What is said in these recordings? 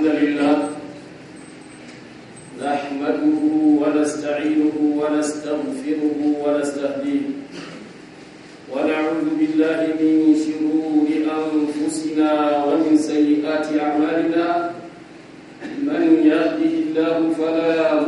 الحمد لله نحمده ونستعينه ونستغفره ونستهديه ونعوذ بالله من شرور أنفسنا ومن سيئات أعمالنا من يهده الله فلا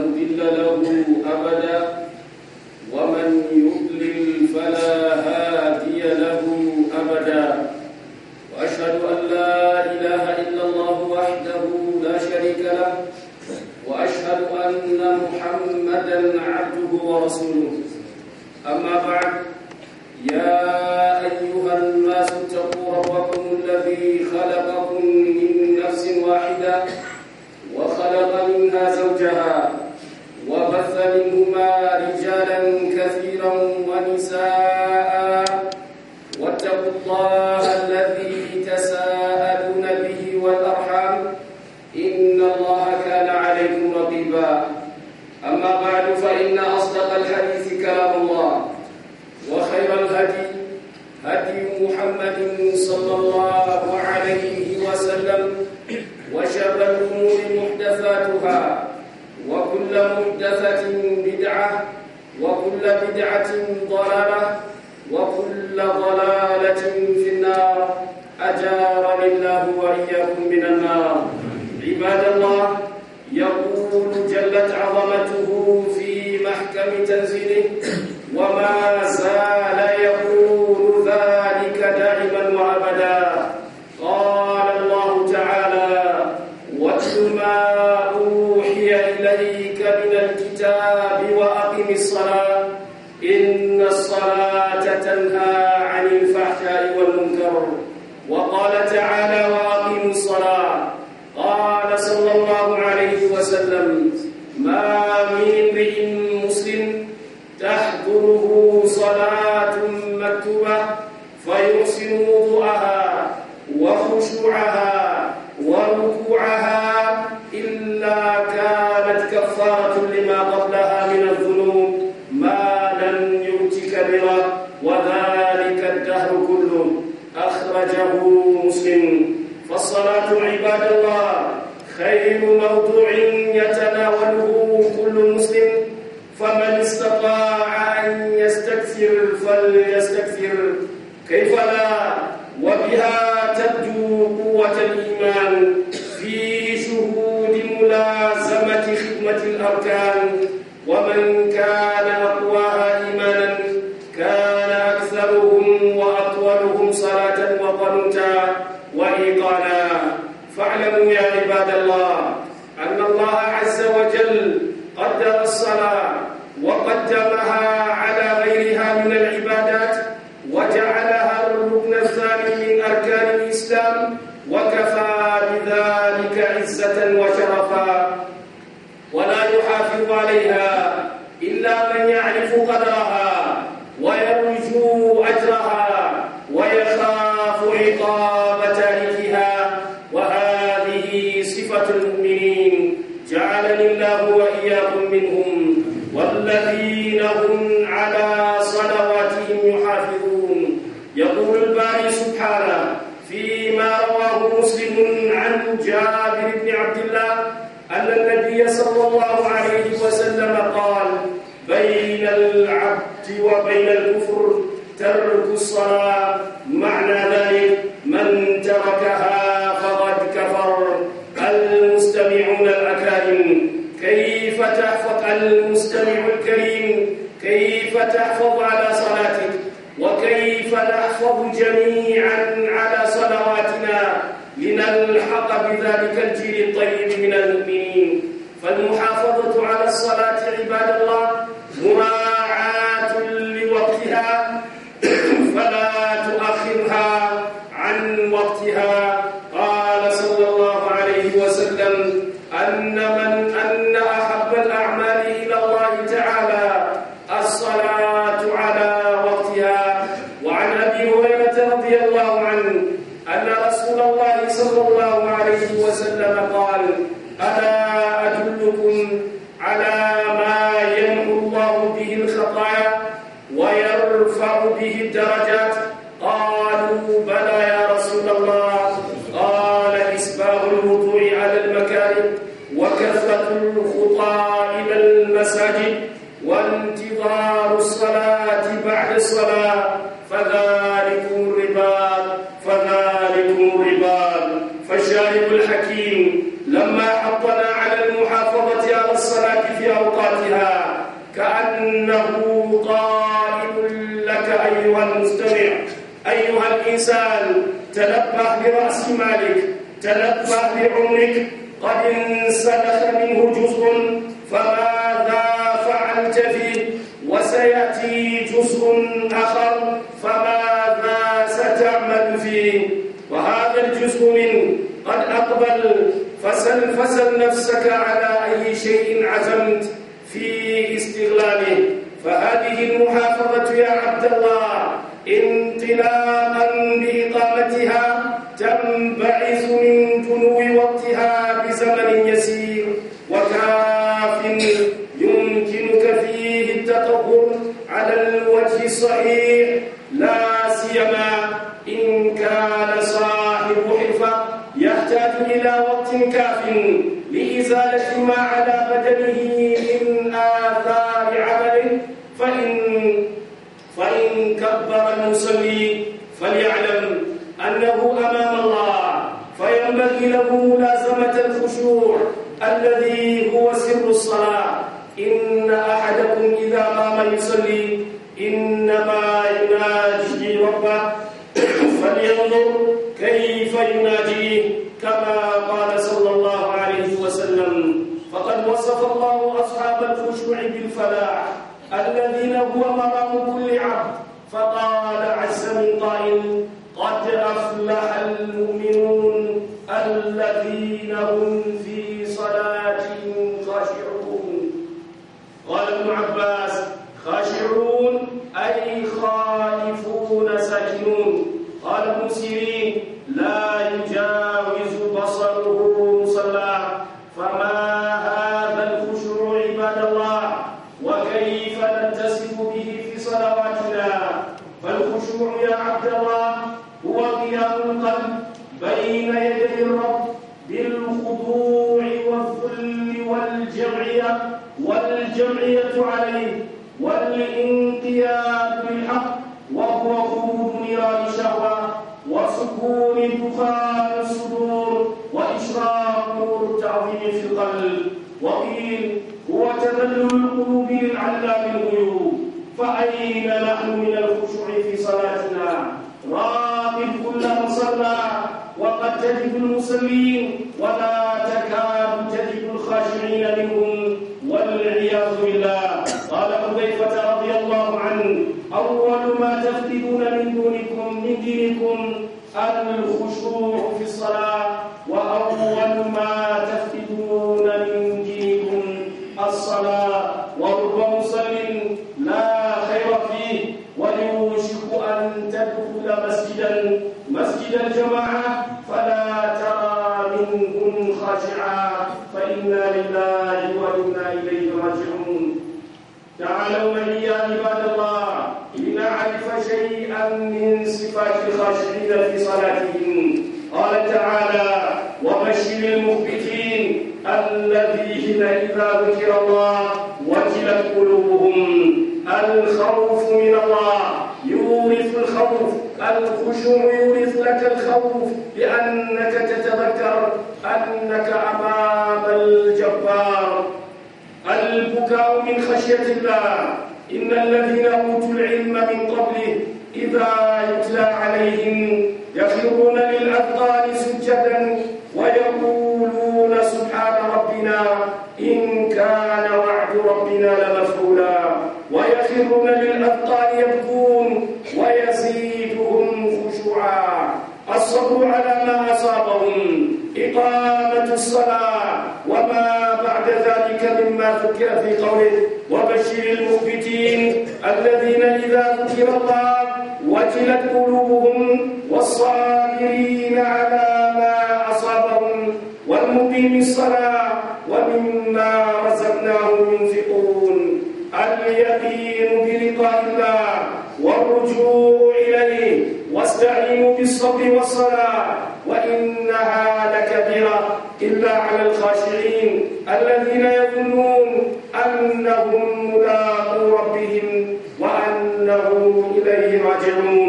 أخرجه مسلم فالصلاة عباد الله خير موضوع يتبع وإياكم منهم والذين هم على صلواتهم يحافظون يقول الباري سبحانه فيما رواه مسلم عن جابر بن عبد الله أن النبي صلى الله عليه وسلم قال بين العبد وبين الكفر ترك الصلاة ألا أدلكم على ما يمحو الله به الخطايا ويرفع به الدرجات قالوا بلى يا رسول الله قال إسباغ الوضوء على المكان وكثرة الخطى إلى المساجد وانتظار الصلاة بعد الصلاة فذا أيها المستمع أيها الإنسان تنبه برأس مالك تنبه بعمرك قد انسلخ منه جزء فماذا فعلت فيه وسيأتي جزء آخر فماذا ستعمل فيه وهذا الجزء منه قد أقبل فسل, فسل نفسك على أي شيء عزمت في استغلاله فهذه المحافظة يا عبد الله انطلاقا تدخل مسجدا مسجد الجماعة فلا ترى منهم خاشعا فإنا لله وإنا إليه راجعون تعالوا معي يا عباد الله لنعرف شيئا من صفات الخاشعين في صلاتهم قال تعالى وبشر المخبتين الذين إذا ذكر الله وجلت قلوبهم الخوف من الله الخشوع يورث لك الخوف لأنك تتذكر أنك أمام الجبار البكاء من خشية الله إن الذين أوتوا العلم من قبله إذا يتلى عليهم يخرون للأبطال سجدا ويقولون سبحان ربنا إن كان وعد ربنا لمفعولا ويخرون للأبطال يبكون الصبر على ما أصابهم إقامة الصلاة وما بعد ذلك مما ذكر في قوله وبشر المخبتين الذين إذا ذكر الله وجلت قلوبهم والصابرين على ما أصابهم والمقيم الصلاة ومما رزقناهم ينفقون اليقين بلقاء الله والرجوع الصوم والصلاة وإنها لكبيرة إلا على الخاشعين الذين يظنون أنهم ملاقو ربهم وأنهم إليه راجعون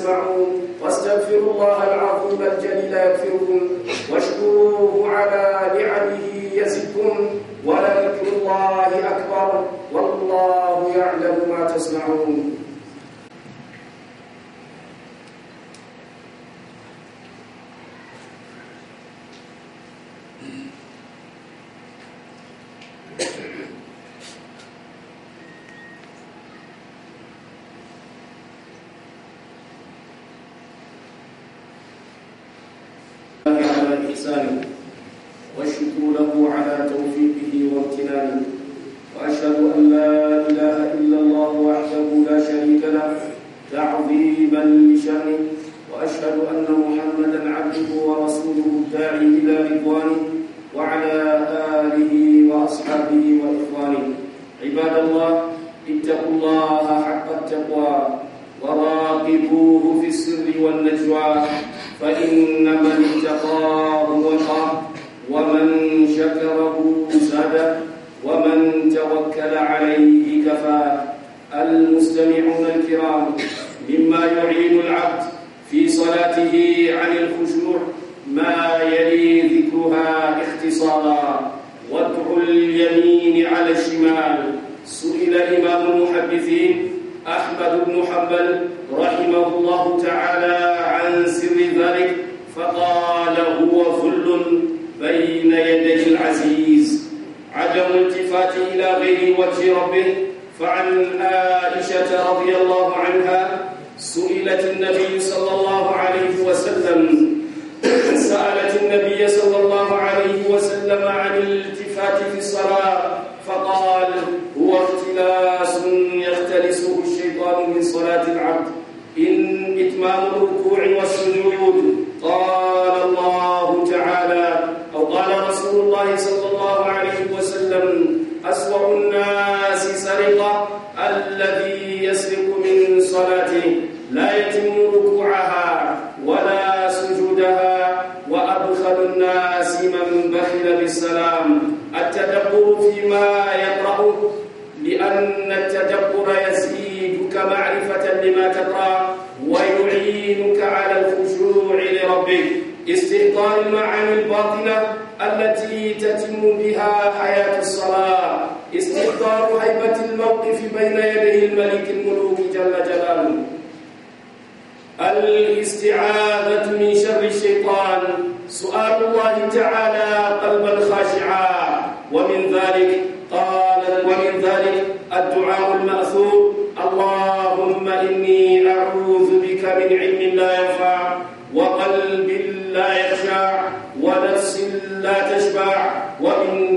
تسمعون واستغفروا الله العظيم الجليل يغفركم واشكروه على نعمه يزدكم ولذكر الله أكبر والله يعلم ما تصنعون فقال هو ظل بين يديه العزيز عدم التفات إلى غير وجه ربه فعن عائشة رضي الله عنها سئلت النبي صلى الله عليه وسلم سألت النبي صلى الله عليه وسلم عن الالتفات في الصلاة فقال هو اختلاس يختلسه الشيطان من صلاة العبد إن إتمام الركوع والسجود النبي السلام التدبر فيما يقرأه لأن التدبر يزيدك معرفة لما تقرأ ويعينك على الخشوع لربك استيطان المعاني الباطلة التي تتم بها حياة الصلاة استيطان هيبة الموقف بين يدي الملك الملوك جل جلاله الاستعاذة من شر الشيطان سؤال الله تعالى قلبا خاشعا ومن ذلك قال ومن ذلك الدعاء المأثور اللهم إني أعوذ بك من علم لا ينفع وقلب لا يخشع ونفس لا تشبع ومن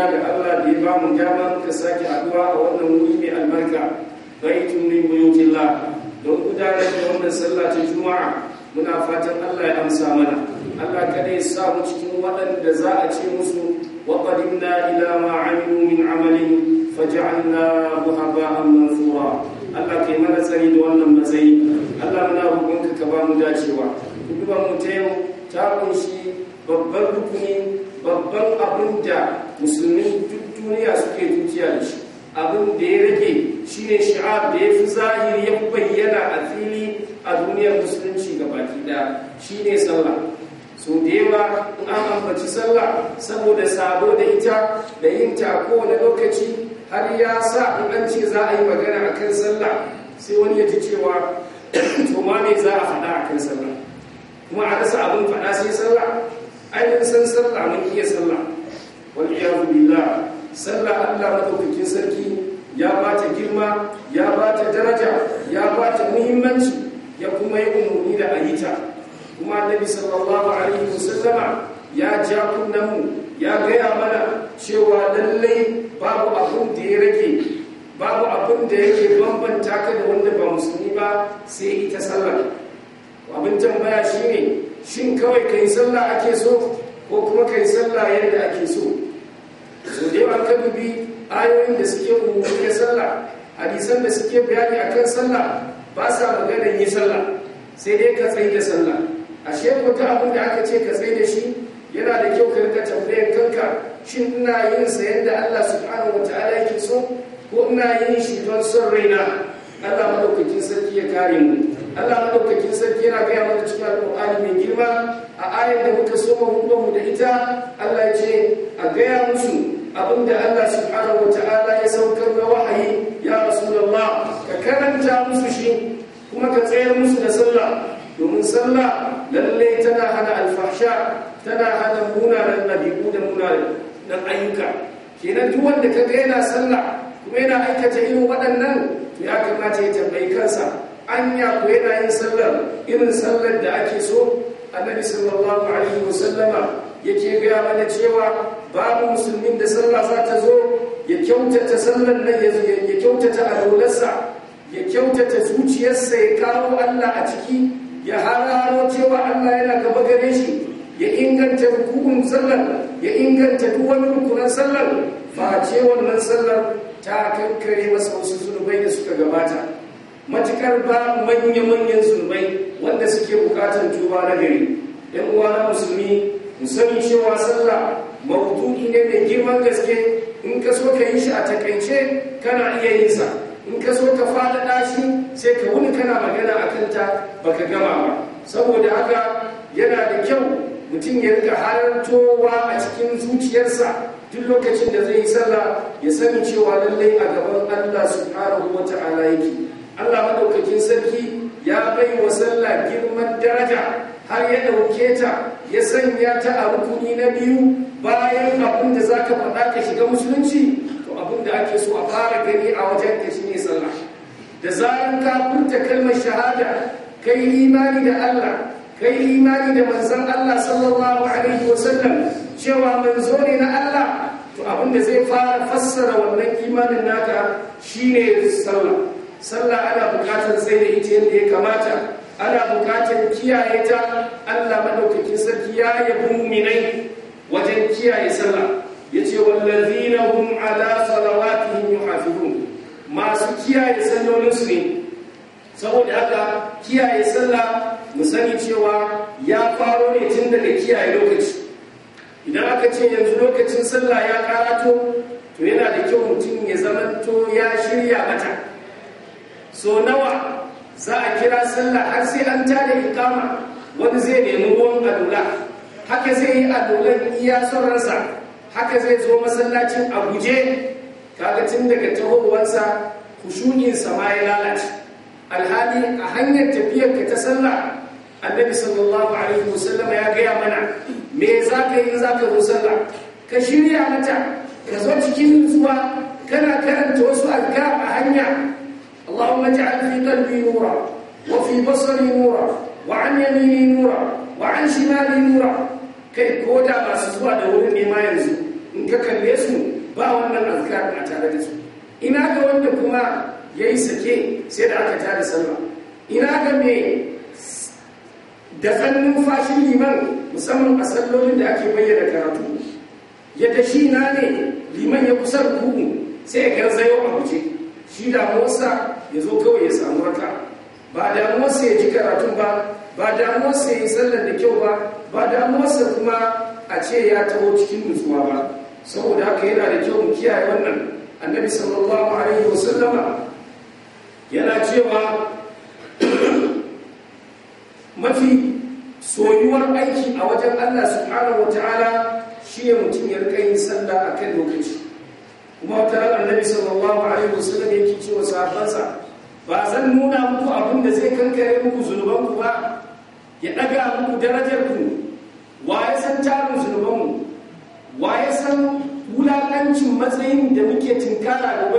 da ga Allah da ya ba mu dama muka sake haduwa a wannan wuri mai albarka baitun min buyutillah don gudanar da wannan sallah ta juma'a muna fatan Allah ya amsa mana Allah kada ya sa mu cikin waɗanda za a ce musu wa qadimna ila ma amilu min amalin faj'alnahu haba'an mansura Allah kai mana tsari da wannan matsayi Allah muna roƙonka ka ba mu dacewa kuma mu ta yau ta kunshi babban rukuni babban abin da musulmi duk duniya suke zuciya da shi abin da ya rage shi ne shi'ab da ya fi zahiri ya bayyana a fili a duniyar musulunci ga baki ɗaya shi ne sallah so da yawa in an ambaci sallah saboda sabo da ita da yin ta kowane lokaci har ya sa in an ce za a yi magana a kan sallah sai wani ya ji cewa to ma me za a faɗa a kan sallah kuma a rasa abin faɗa sai sallah ai san sallah mun iya sallah wal sallah Allah madaukakin sarki ya bata girma ya bata daraja ya bata muhimmanci ya kuma yi umarni da ayita kuma annabi sallallahu alaihi wasallama ya ja mu ya gaya mana cewa lallai babu abin da ya rage babu abin da yake bambanta ka da wanda ba musulmi ba sai ita sallah abin tambaya shine shin kawai kai sallah ake so ko kuma kai sallah yadda ake so so da yawa ka dubi ayoyin da suke umarni da sallah hadisan da suke bayani akan sallah ba sa maganar yi sallah sai dai ka tsaye da sallah a ku ta abin da aka ce ka tsaye da shi yana da kyau ka rika tambayar kanka shin ina yin sa yadda Allah subhanahu wataala yake so ko ina yin shi don son raina Allah madaukakin sarki ya kare mu Allah madaukakin sarki yana gaya mana cikin alƙur'ani mai girma a ayar da muka soma mu da ita Allah ya ce a gaya musu abin da Allah subhanahu wata'ala ya saukar da wahayi ya rasu da Allah ka karanta musu shi kuma ka tsayar musu da sallah domin sallah lalle tana hana alfasha, tana hana munanan ɗabi'u da munanan ayyuka kenan duk wanda ka ga yana sallah kuma yana aikata irin waɗannan ya kamata ya tambayi kansa anya ku yana yin sallar irin sallar da ake so annabi sallallahu alaihi wasallama yake gaya mana cewa babu musulmin da sallar za ta zo ya kyautata sallar nan ya kyautata alolarsa ya kyautata zuciyarsa ya kawo Allah a ciki ya hararo cewa Allah yana gaba gare shi ya inganta hukun sallar ya inganta duk wani rukunan sallar ce wannan sallar ta kankare masa wasu zunubai da suka gabata matukar ba manya-manyan Zurbai wanda suke bukatar tuba na gari yan na musulmi musamman cewa sallah mawdu'i ne da girman gaske in ka so ka yi shi a takaice kana iya yin sa in ka so ka faɗaɗa shi sai ka wuni kana magana a kanta ba ka gama ba saboda haka yana da kyau mutum ya rika halartowa a cikin zuciyarsa duk lokacin da zai yi sallah ya sani cewa lallai a gaban Allah subhanahu ta'ala yake Allah madaukakin sarki ya bai wa sallah girman daraja har ya ɗauke ta ya sanya ta a rukuni na biyu bayan abin da za ka faɗa ka shiga musulunci to abin da ake so a fara gani a wajen ka shine sallah da zaran ka furta kalmar shahada kai imani da Allah kai imani da manzon Allah sallallahu alaihi sallam cewa manzo ne na Allah to abin da zai fara fassara wannan imanin naka shine sallah sallah ana bukatar sai da ita yadda ya kamata ana bukatar kiyaye ta Allah madaukakin sarki ya yi mu'minai wajen kiyaye sallah Ya yace wallazina hum ala salawatihim yuhafizun masu kiyaye sallolin su ne saboda haka kiyaye sallah mu sani cewa ya faro ne tun daga kiyaye lokaci idan aka ce yanzu lokacin sallah ya karato to yana da kyau mutum ya zamanto ya shirya mata so nawa za a kira sallah har sai an tare ikama wani zai nemi ruwan alula haka zai yi alulan iya sauransa haka zai zo masallacin a guje kaga tun daga tahowarsa kushuninsa ma ya lalace alhali a hanyar tafiyar ka ta sallah annabi sallallahu alaihi wasallam ya gaya mana me za ka yi za ka zo sallah ka shirya mata ka zo cikin zuwa kana karanta wasu alka a hanya اللهم اجعل في قلبي نورا وفي بصري نورا وعن يميني نورا وعن شمالي نورا kai ko da masu zuwa da wurin nema yanzu in ka kalle su ba wannan azkar a tare da su ina ga wanda kuma yayi sake sai da aka tada sallah ina ga me da sannin fashin liman musamman a sallolin da ake bayyana karatu ya tashi na ne liman ya kusa ruku sai ya garzayo a guje shi da motsa ya zo kawai ya samu raka ba damuwarsa ya ji karatun ba ba damuwarsa ya yi sallar da kyau ba ba damuwarsa kuma a ce ya taho cikin nutsuwa ba saboda haka yana da kyau mu kiyaye wannan annabi sallallahu alaihi wasallama yana cewa mafi soyuwar aiki a wajen Allah subhanahu ta'ala shi ya mutum ya rika yin sallah kan lokaci kuma wata annabi sallallahu alaihi wasallam yake cewa wa sahabbansa ba zan nuna muku abin da zai kankare muku zunubanku ba ya daga muku darajar ku wa ya san tarin zunubanmu wa ya san wulakancin matsayin da muke tinkara da ba?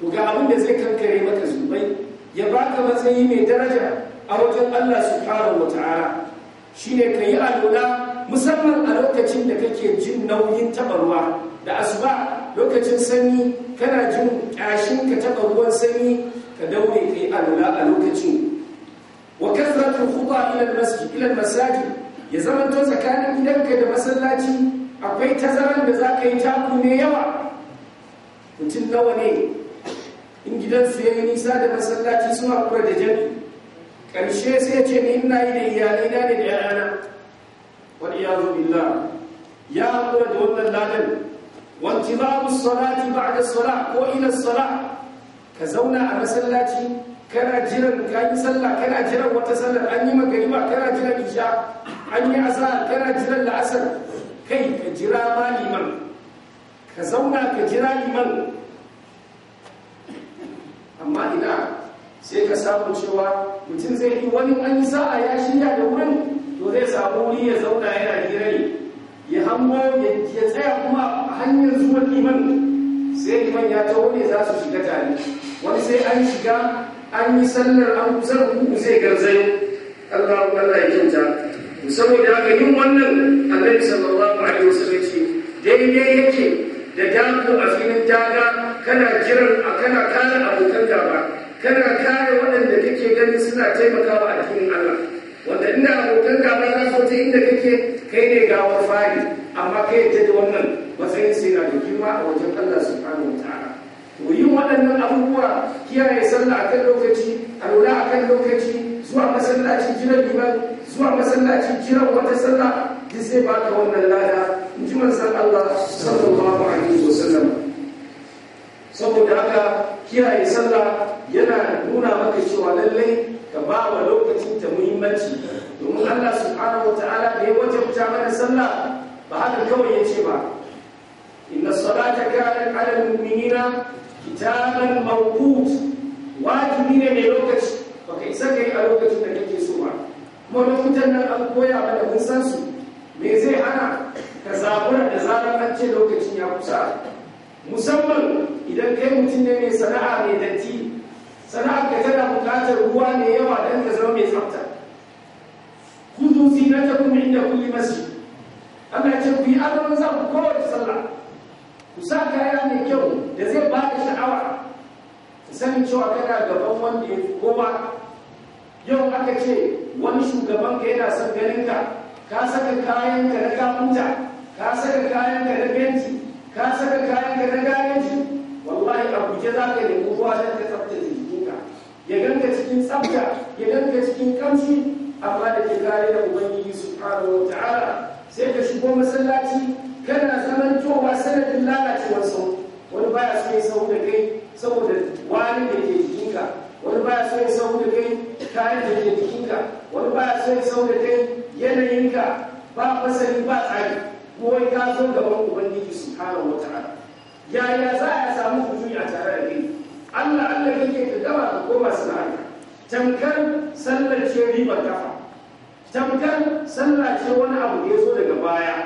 to ga abin da zai kankare maka zunubai ya baka matsayi mai daraja a wajen Allah subhanahu wata'ala shine kayi alola musamman a lokacin da kake jin nauyin tabarwa da asuba lokacin sanyi kana jin kashin ka taba ruwan sanyi ka daure ka alula a lokacin wa kasratul khuta ila almasjid ila almasajid ya zamanto tsakanin gidanka da masallaci akwai tazaran da za ka yi taku ne yawa mutum nawa ne in gidan ya yayi nisa da masallaci sun haƙura da jami ƙarshe sai ce ni ina yi da iyalai na ne da ‘ya'yana wani ya zo billah ya haƙura da wannan ladan وانتظام الصلاة بعد الصلاة وإلى الصلاة كزونا على سلاتي كان جيران كان يسلى كان جيران وتسلى أني مغربا كان جيران إشاء أني أزار كان جيران العسل كي كجرا ما لمن كزونا كجرا لمن أما إنا سيكا سابو شوا متنزيه ولم أن يساء يا شيئا دورا to zai samu wuri ya zauna yana hira ne ya hango ya tsaya kuma a hanyar zuwa liman sai liman ya taho ne za su shiga tare wani sai an shiga an yi sallar an kusan hukun zai garzayo Allah Allah ya kyauta saboda haka yin wannan annabi sallallahu alaihi wasallam ce daidai yake da dako a filin daga kana jiran a kana kare abokan gaba kana kare waɗanda kake ganin suna taimakawa a cikin Allah wanda inda abokan gaba za su inda kake kai ne gawar fari amma kai yadda da wannan matsayin sai yana da girma a wajen Allah subhanahu wataala to yin waɗannan abubuwa kiyaye sallah akan lokaci a a akan lokaci zuwa masallaci jiran liman zuwa masallaci jiran wata sallah duk zai ka wannan lada in ji manzon Allah sallallahu alaihi wasallam saboda haka kiyaye sallah yana nuna maka cewa lallai ka ba wa lokacin ta muhimmanci domin Allah subhanahu ta'ala da ya wajabta mana sallah ba haka kawai ya ce ba inna salata kanat 'ala al-mu'minina kitaban mawqut wajibi ne mai lokaci baka isa yi a lokacin da kake so ba kuma lokutan nan an koya mana mun san su me zai hana ka zabura da zarar an ce lokacin ya kusa musamman idan kai mutum ne mai sana'a mai datti sana'ar ka tana buƙatar ruwa mai yawa don ka zama mai tsafta kudu zinatakum inda kulli masjid Allah ya ce ku yi azumin zan kowace sallah ku sa kaya mai kyau da zai ba da sha'awa ka sani cewa kana gaban wanda ya kowa yau aka ce wani shugaban ka yana son ganin ka ka saka kayan ka na kamunta ka saka kayan ka na benci ka saka kayan ka na gareji wallahi a guje za ka nemi ruwa don ka tsaftace jikinka ya ganka cikin tsafta ya ganka cikin kamshi amma da ke kare da ubangiji subhanahu wa ta'ala sai ka shigo masallaci kana towa sanadin lalacewar sau wani baya so ya sau da kai saboda wani da ke jikinka wani baya so ya sau da kai kayan da ke jikinka wani baya so ya sau da kai yanayinka ba fasali ba tsari kowai ka zo gaban ubangiji subhanahu wa ta'ala yaya za a samu hujumi a tare da kai Allah Allah yake ka gama ka koma sana'a tamkar sallar ce riba kafa tamkar sallah ce wani abu da ya zo daga baya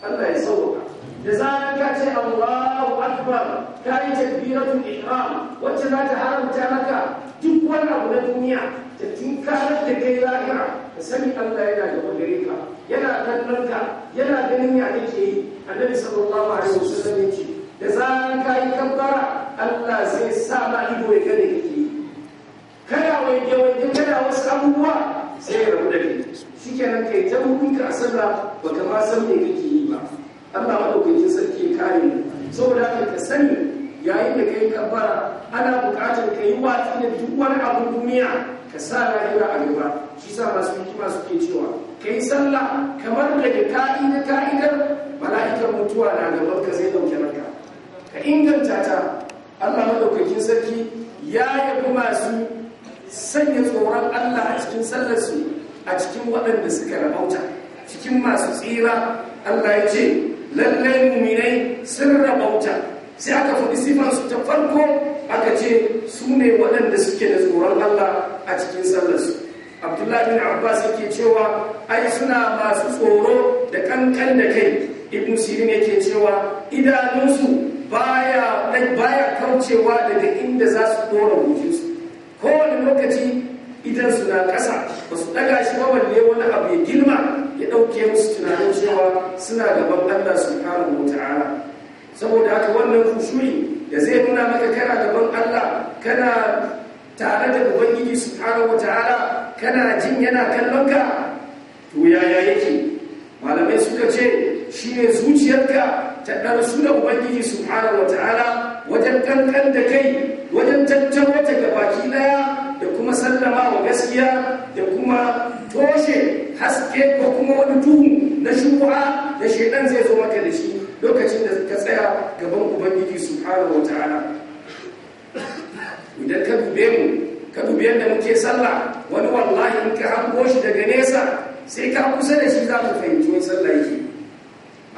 Allah ya sauka da zarar ka ce Allahu Akbar ka yi takbiratu ihram wacce za ta haramta maka duk wani abu na duniya ta tinkarar da kai lahira ka sani Allah yana da gare ka yana kallon ka yana ganin ya kake yi annabi sallallahu alaihi wasallam ya ce da zarar ka yi kabbara Allah zai sa ma ido ya gane kake yi kada wai ke wai kada wasu abubuwa sai rabu da kai shi nan kai ta ka a sallah ba ka ma san me kake yi ba Allah madaukakin sarki ya kare mu saboda haka ka sani yayin da kai fara. ana buƙatar ka yi watsi da duk wani abun duniya ka sa lahira a gaba shi sa masu hikima suke cewa ka yi sallah kamar daga ka'ida ka'idar mala'ikar mutuwa na gaban ka zai ɗauke ka inganta ta Allah madaukakin sarki ya yabi masu sanya tsoron Allah a cikin sallarsu a cikin waɗanda suka rabauta cikin masu tsira Allah ya ce lallai muminai sun rabauta sai aka faɗi sifansu ta farko aka ce su ne waɗanda suke da tsoron Allah a cikin sallarsu Abdullahi bin Abbas yake cewa ai suna masu tsoro da kankan da kai Ibn Sirin yake cewa idanunsu baya baya kaucewa daga inda za su dora wujinsu kowane lokaci idan suna ƙasa ba su ɗaga shi ba balle wani abu ya girma ya ɗauke musu tunanin cewa suna gaban Allah subhanahu wa ta'ala saboda haka wannan kushuri da zai nuna maka kana gaban Allah kana tare da ubangiji subhanahu wa ta'ala kana jin yana kallon ka to yaya yake malamai suka ce shi ne zuciyarka ta ɗarsu da ubangiji subhanahu wa ta'ala wajen kankan da kai wajen tattaro ta gabaki daya da kuma sallama wa gaskiya da kuma toshe haske ko kuma wani duhu na shubuha da shaidan zai zo maka da shi lokacin da ka tsaya gaban ubangiji subhanahu wataala idan ka dube mu ka dube yadda muke sallah wani wallahi in ka hango shi daga nesa sai ka kusa da shi za ka fahimci wani sallah yake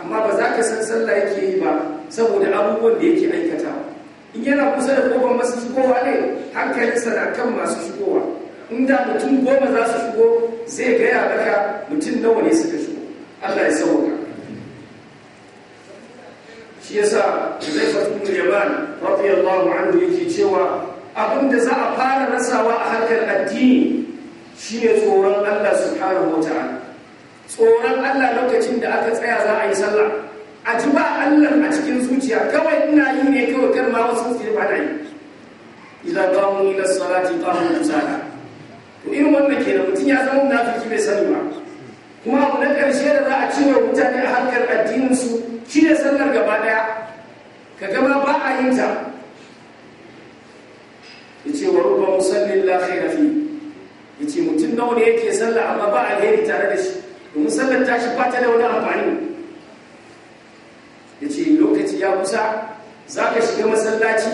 amma ba za ka san sallah yake yi ba saboda abubuwan da yake aikata in yana kusa da kofar masu shigowa ne hankali sana kan masu shigowa inda mutum goma za su shigo zai gaya maka mutum nawa ne suka shigo allah ya sauka shi yasa zai fatu yaman radiyallahu anhu yake cewa abin da za a fara rasawa a harkar addini shi ne tsoron allah subhanahu wa tsoron allah lokacin da aka tsaya za a yi sallah a ji ba Allah a cikin zuciya kawai ina yi ne kawai kar ma wasu su ba na yi idan qamu ila salati qamu tsara to irin wannan kenan mutum ya zama munafiki bai sani ba kuma abu na karshe da za a cire mutane a harkar addinin su shine sallar gaba daya ka gama ba a yin ta yace wa rubba musallin la khayra fi yace mutum nawa ne yake sallah amma ba a alheri tare da shi domin sallar tashi ba ta da wani amfani ya kusa za ka shiga masallaci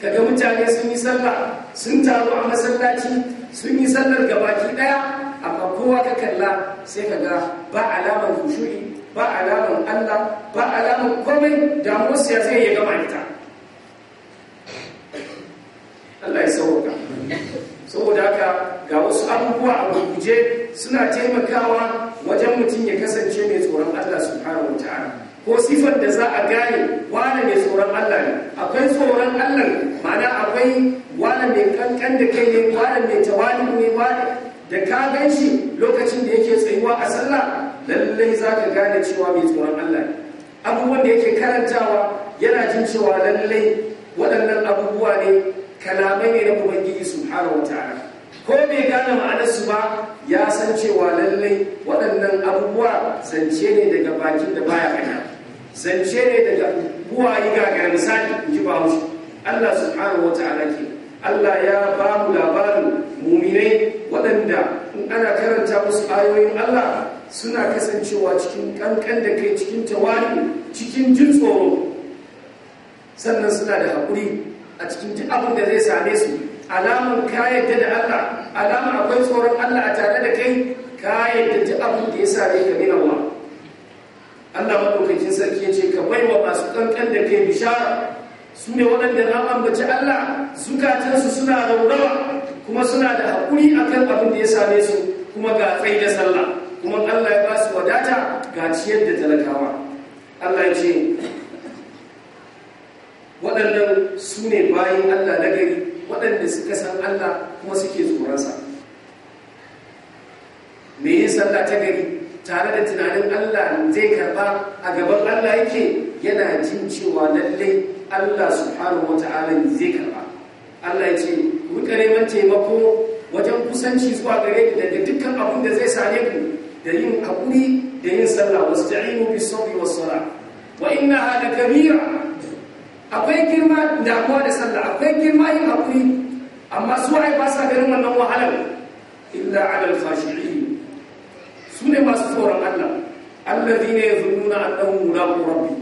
ka ga mutane sun yi sallah sun taru a masallaci sun yi sallar gabaki ɗaya amma kowa ka kalla sai ka ga ba alamar kushuri ba alamar allah ba alamar komai musu ya zai ya gama allah ya sauka saboda haka ga wasu abubuwa a gurguje suna taimakawa wajen mutum ya kasance mai tsoron allah subhanahu wa ta'ala ko sifar da za a gane wane mai tsoron Allah ne akwai tsoron Allah ma'ana akwai wane mai kankan da kai ne wane mai tawali ne wane da ka gan shi lokacin da yake tsayuwa a sallah lallai za ka gane cewa mai tsoron Allah ne abubuwan da yake karantawa yana jin cewa lallai waɗannan abubuwa ne kalamai ne na ubangiji subhanahu wataala ko bai gane ma'anar su ba ya san cewa lallai waɗannan abubuwa zance ne daga bakin da baya hanya zance ne daga buwayi gagara misali ji ba haushi Allah subhanahu wata'ala ke Allah ya ba mu labarin muminai waɗanda in ana karanta musu ayoyin Allah suna kasancewa cikin kankan da kai cikin tawari cikin jin tsoro sannan suna da haƙuri a cikin duk abin da zai same su alamun kayan da Allah alamun akwai tsoron Allah a tare da kai kayan da duk abin da ya same ka min wa Allah maɗaukacin sarki ya ce ka wa masu ɗanɗan da kai bishara su ne waɗanda na ambaci Allah zukatansu suna raurawa kuma suna da haƙuri a kan abin da ya same su kuma ga tsayi da sallah kuma Allah ya ba su wadata ga ciyar da talakawa Allah ya ce waɗannan su ne bayan Allah na gari waɗanda suka san Allah kuma suke tsoronsa me yin sallah ta gari tare da tunanin Allah zai karba a gaban Allah yake yana jin cewa lallai Allah subhanahu wata'ala zai karba Allah ya ce ku neman taimako wajen kusanci zuwa gare ku daga dukkan abin da zai same ku da yin haƙuri da yin sallah wasta'inu bis sabri was sala wa Hada? lakabira akwai girma damuwa da sallah akwai girma yin haƙuri amma su ai ba sa ganin wannan wahalar illa alal khashi'in su ne masu tsoron Allah allazi ne ya zununa annahu mulaqu rabbi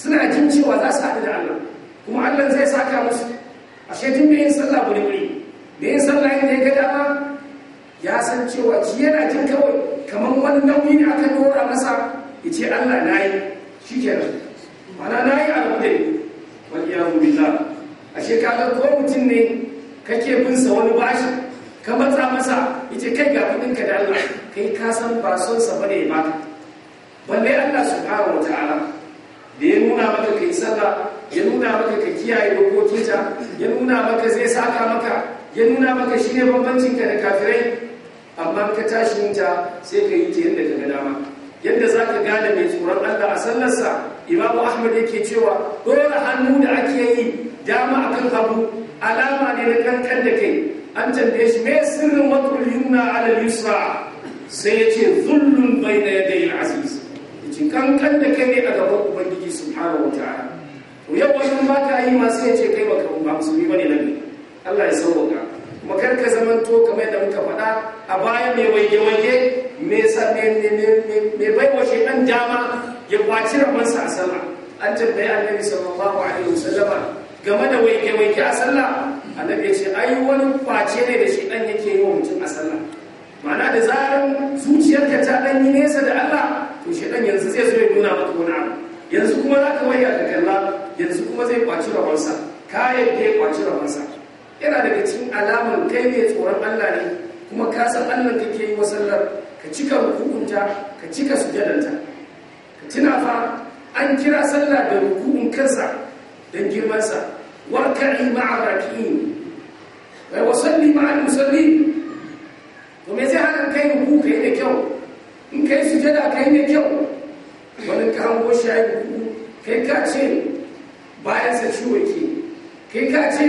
suna jin cewa za su haɗu da Allah kuma Allah zai saka musu ashe tun da yin sallah buri buri da yin sallah yadda ya ga dama ya san cewa shi yana jin kawai kamar wani nauyi ne aka dora masa ya ce Allah na yi shi kenan mana na yi abu da wani yawon billah ashe kaga ko mutum ne kake bin sa wani bashi ka matsa masa ita kai ga kudin ka da Allah kai ka san ba son sa bane ma balle Allah subhanahu wataala da ya nuna maka kai sallah ya nuna maka ka kiyaye dokokin ta, ya nuna maka zai saka maka ya nuna maka shine bambancin ka da kafirai amma ka tashi ta sai ka yi ta yadda ka ga dama yadda za ka gane mai tsoron Allah a sallarsa imamu ahmad yake cewa dole hannu da ake yi dama akan abu, alama ne na kankan da kai an tambaye shi me sirrin matrul yumna ala yusra sai yace zullun bayna yaday al-aziz yace kankan da kai ne a gaban ubangiji subhanahu wataala to yau wannan ba ka yi ma sai yace kai baka ba musulmi bane nan Allah ya sauka kuma kar ka zamanto kamar da muka faɗa a baya mai waje waje me sa me me me bai wa dan dama ya kwaci rabansa a sallah an tambaye annabi sallallahu alaihi wasallama game da waje waje a sallah annabi ya ce ai wani kwace ne da shi dan yake yi wa mutum a sallah ma'ana da zaran zuciyarka ta dan yi nesa da Allah to shi dan yanzu zai zo ya nuna maka wani abu yanzu kuma za ka waya ka kalla yanzu kuma zai kwaci rabonsa kayan yadda ya kwaci rabonsa yana daga cikin alamun kai ne tsoron Allah ne kuma ka san Allah kake yi wa sallar ka cika rukunta ka cika sujadanta ka tuna fa an kira sallah da rukun kansa dan girmansa واركعي مع الراكعين وصلي مع المصلين وما زي هذا كاي ركوع كاي ده كيو in kai sujada kai ne kyau wani ka hango shi ya kai ka ce bayan sa ciwo ke kai ka ce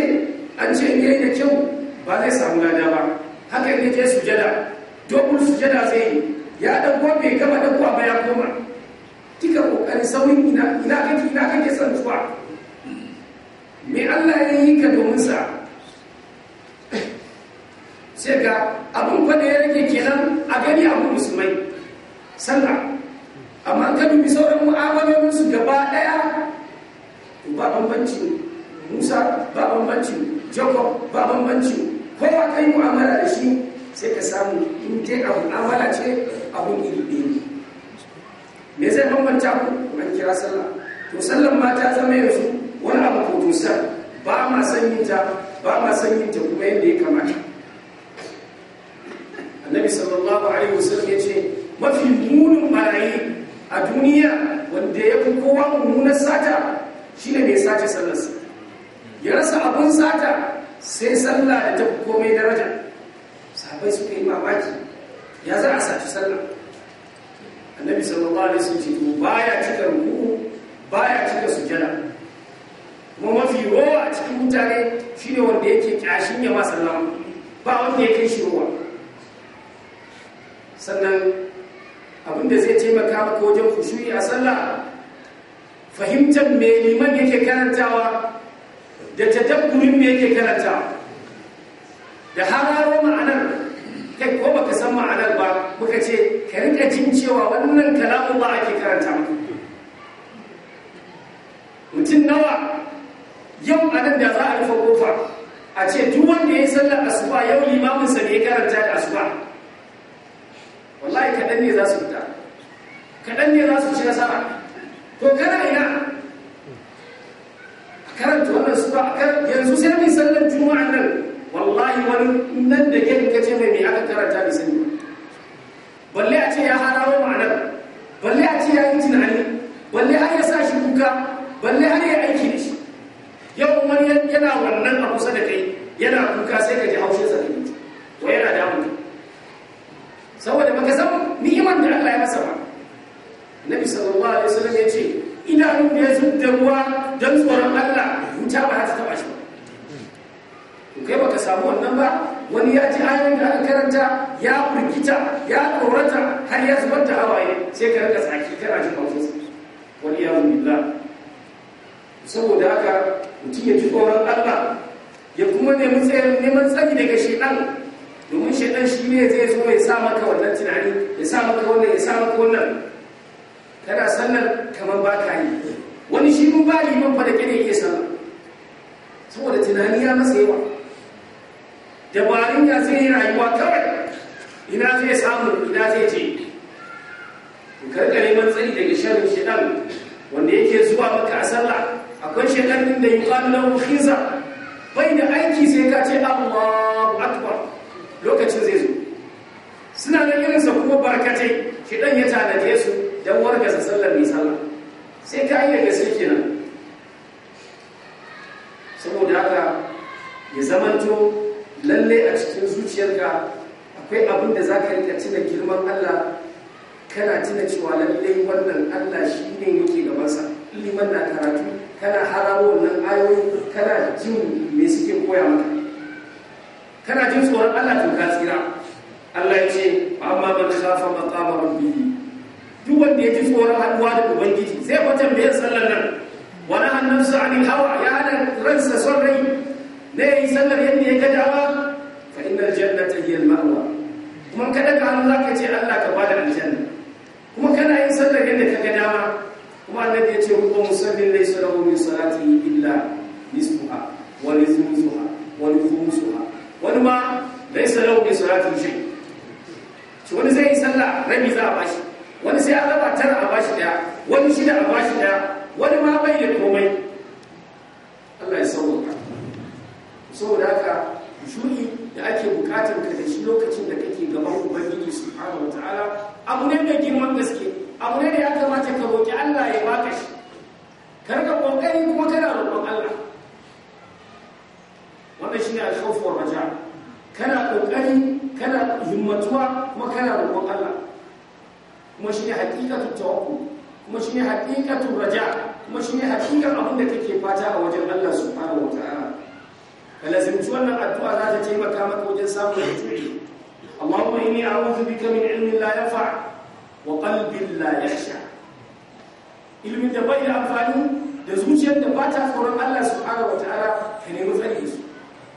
an ce in yayi da kyau ba zai samu lada ba haka ne je sujada dogon sujada zai yi ya dauko bai gama dauko ba ya koma kika kokari sauyin ina ina kake ina kake son zuwa me Allah ya yi ka domin sa sai ga abin kwada ya rage kenan a gani abu musulmai sallah amma ka dubi sauran mu'amalolin su gaba daya ba bambanci Musa ba bambanci Jacob ba bambanci kowa kai mu'amala da shi sai ka samu in a abu amala ce a iri ɗaya ne me zai bambanta ku an kira sallah to sallan ma ta zama yanzu wani abu musa ba ma san ta ba ma san ta kuma yadda ya kamata annabi sallallahu alaihi wasallam ya ce mafi munin barayi a duniya wanda ya fi kowa mummunar sata shi ne mai sace sallarsa ya rasa abun sata sai sallah da ta fi komai daraja sabai suka yi mamaki ya za a sace sallar annabi sallallahu alaihi wasallam ce to baya cika ruku baya cika sujada kuma mafi rowa a cikin mutane shi ne wanda yake kyashin ya masa lamu ba wanda ya kai shi sannan abinda zai taimaka maka wajen kushuri a sallah fahimtar me liman yake karantawa da tadabburin me yake karanta da hararo ma'anar kai ko baka san ma'anar ba muka ce ka rika jin cewa wannan kalamu ba ake karanta mutum nawa yau a nan da za a rufe kofa a ce duk wanda ya yi sallar asuba yau limamin sa ne ya karanta da asuba wallahi kaɗan ne za su fita kaɗan ne za su ci nasara to kana ina a karanta wannan kan yanzu sai mai sallar juma'a nan wallahi wani nan da ke kace mai mai aka karanta da sani balle a ce ya harawo ma'anar balle a ce ya yi tunani balle har ya sa shi kuka balle har ya aiki Yana kana wannan a kusa da kai yana kuka sai ka ji haushin sa ne to yana damu saboda baka san ni'imar da Allah ya masa ba Nabi sallallahu alaihi wasallam ya ce idanun da ya da ruwa don tsoron Allah wuta ba ta taba shi to kai baka samu wannan ba wani ya ji ayoyin da aka karanta ya firgita ya tsorata har ya zubar da hawaye sai ka rika tsaki kana jin haushin wani ya billah saboda haka mutum ya ji tsoron Allah ya kuma nemi neman tsari daga shaidan domin shaidan shi ne zai zo ya sa maka wannan tunani ya sa maka wannan ya sa maka wannan kana sannan kamar ba ka yi wani shi mu ba liman fa da kene yake sana saboda tunani ya masa yawa dabarun ya zai yi rayuwa kawai ina zai samu ina zai je karka neman tsari daga sharrin shaidan wanda yake zuwa maka a sallah akwai shekarun da yuqalu lahu khiza bai da aiki sai ka ce Allahu akbar lokacin zai zo suna nan irin sa kuma barkatai dan ya tanaje su don wargaza sallar mai sai ka yi gaske kenan saboda haka ya zamanto lalle a cikin zuciyarka akwai abin da za ka rika tuna girman Allah kana tuna cewa lallai wannan Allah shi ne yake gabansa liman na karatu kana hararo wannan ayoyi kana jin me suke koya maka kana jin tsoron Allah to ka tsira Allah ya ce amma man khafa maqama rabbihi duk wanda ya ji tsoron haduwa da ubangiji zai fa tambayar sallar nan wa nahan nafsa anil hawa ya hana ransa son rai ne yi sallar yadda ya ga dama fa innal jannata hiya al-ma'wa kuma kada ka hannu zaka ce Allah ka bada aljanna kuma kana yin sallar yadda ka ga dama kuma annabi ya ce kuma musallin laysa lahu min salati illa nisfuha wa nizmuha wa nizmuha wani ma laysa lahu min salati shi shi wani zai yi sallah rabi za a bashi wani sai an raba tara a bashi daya wani shida a bashi daya wani ma bai da komai Allah ya sauka saboda haka shuri da ake bukatar ka da shi lokacin da kake gaban ubangiji subhanahu wataala abu ne mai girman gaske abu ne da ya karka kokari kuma kana roƙon Allah wannan shine al-khawf wa raja kana kokari kana himmatuwa kuma kana roƙon Allah kuma shine haqiqatu tawakkul kuma shine haqiqatu raja kuma shine haqiqan abin da kake fata a wajen Allah subhanahu wa ta'ala ci wannan addu'a za ta taimaka maka wajen samun mutuwa Allahumma inni a'udhu bika min ilmin la yanfa' wa qalbin la yakhsha' ilimin da bai da amfani da zuciyar da ba ta tsoron Allah wa ta'ala ka nemi tsare su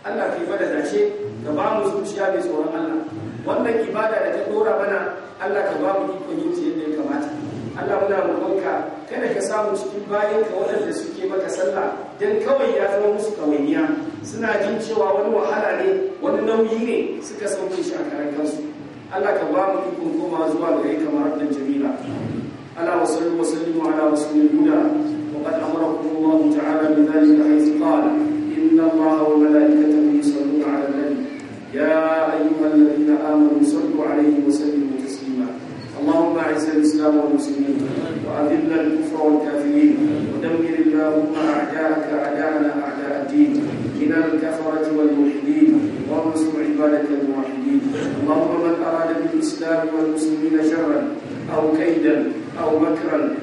Allah yi bada dace ka ba mu zuciya mai tsoron Allah wannan ibada da ta dora mana Allah ka ba mu ikon yin ta yadda ya kamata Allah muna roƙonka kada ka samu cikin bayan ka waɗanda suke maka sallah dan kawai ya zama musu kawainiya suna jin cewa wani wahala ne wani nauyi ne suka sauke shi a karan kansu Allah ka ba mu ikon komawa zuwa gare kamar rabban jamila ألا وصلوا وسلموا على رسول الهدى وقد أمركم الله تعالى بذلك حيث قال إن الله وملائكته يصلون على النبي يا أيها الذين آمنوا صلوا عليه وسلموا تسليما اللهم أعز الإسلام والمسلمين وأذل الكفر والكافرين ودمر اللهم أعداءك أعداءنا أعداء الدين من الكفرة والملحدين وانصر عبادك الموحدين اللهم من أراد بالإسلام والمسلمين شرا أو كيدا algo